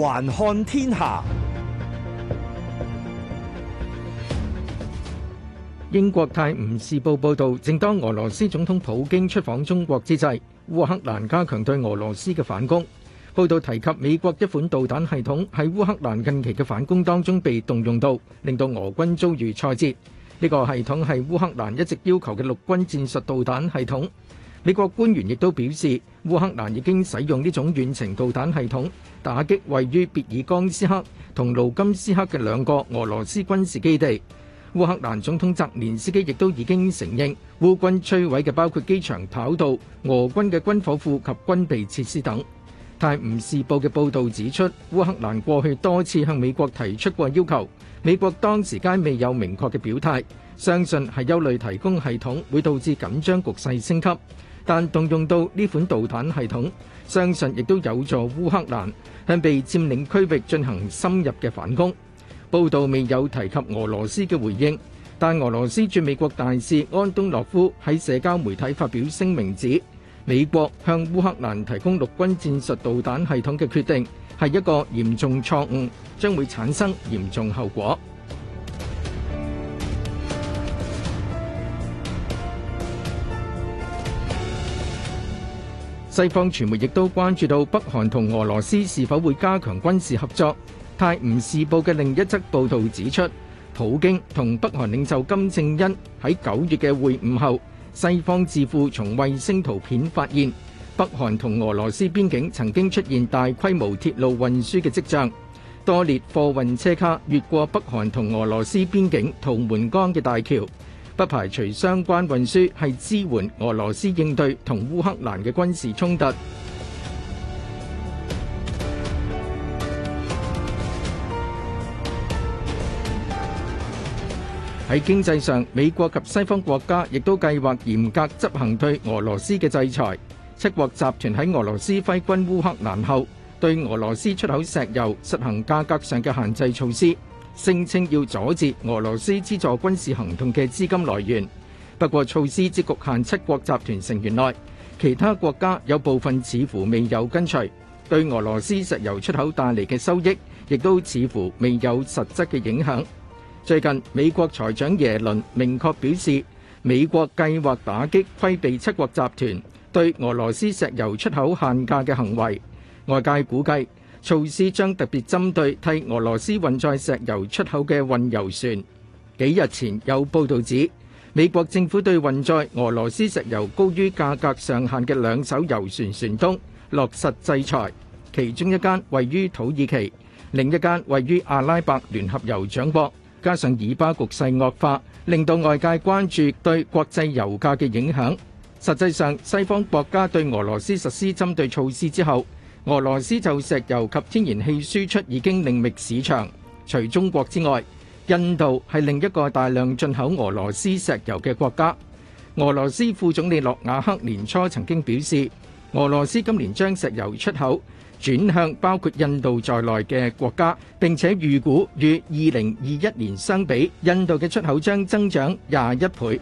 環看天下。英國《泰晤士報》報道，正當俄羅斯總統普京出訪中國之際，烏克蘭加強對俄羅斯嘅反攻。報道提及美國一款導彈系統喺烏克蘭近期嘅反攻當中被動用到，令到俄軍遭遇挫折。呢個系統係烏克蘭一直要求嘅陸軍戰術導彈系統。美國官員亦都表示，烏克蘭已經使用呢種遠程導彈系統打擊位於別爾江斯克同盧金斯克嘅兩個俄羅斯軍事基地。烏克蘭總統澤連斯基亦都已經承認，烏軍摧毀嘅包括機場跑道、俄軍嘅軍火庫及軍備設施等。泰晤士報嘅報導指出，烏克蘭過去多次向美國提出過要求，美國當時皆未有明確嘅表態，相信係憂慮提供系統會導致緊張局勢升級。但動用到呢款導彈系統，相信亦都有助烏克蘭向被佔領區域進行深入嘅反攻。報道未有提及俄羅斯嘅回應，但俄羅斯駐美國大使安東諾夫喺社交媒體發表聲明指，美國向烏克蘭提供陸軍戰術導彈系統嘅決定係一個嚴重錯誤，將會產生嚴重後果。西方傳媒亦都關注到北韓同俄羅斯是否會加強軍事合作。泰晤士報嘅另一則報道指出，普京同北韓領袖金正恩喺九月嘅會晤後，西方智庫從衛星圖片發現北韓同俄羅斯邊境曾經出現大規模鐵路運輸嘅跡象，多列貨運車卡越過北韓同俄羅斯邊境圖們江嘅大橋。不排除相關運輸係支援俄羅斯應對同烏克蘭嘅軍事衝突。喺經濟上，美國及西方國家亦都計劃嚴格執行對俄羅斯嘅制裁。七國集團喺俄羅斯揮軍烏克蘭後，對俄羅斯出口石油實行價格上嘅限制措施。聲稱要阻止俄羅斯資助軍事行動嘅資金來源，不過措施只局限七國集團成員內，其他國家有部分似乎未有跟隨，對俄羅斯石油出口帶嚟嘅收益，亦都似乎未有實質嘅影響。最近美國財長耶倫明確表示，美國計劃打擊規避七國集團對俄羅斯石油出口限價嘅行為，外界估計。措施將特別針對替俄羅斯運載石油出口嘅運油船。幾日前有報道指，美國政府對運載俄羅斯石油高於價格上限嘅兩艘油船船東落實制裁，其中一間位於土耳其，另一間位於阿拉伯聯合酋長國。加上以巴局勢惡化，令到外界關注對國際油價嘅影響。實際上，西方國家對俄羅斯實施針對措施之後，俄羅斯就石油及天然氣輸出已經另覓市場，除中國之外，印度係另一個大量進口俄羅斯石油嘅國家。俄羅斯副總理諾瓦克年初曾經表示，俄羅斯今年將石油出口轉向包括印度在內嘅國家，並且預估與二零二一年相比，印度嘅出口將增長廿一倍。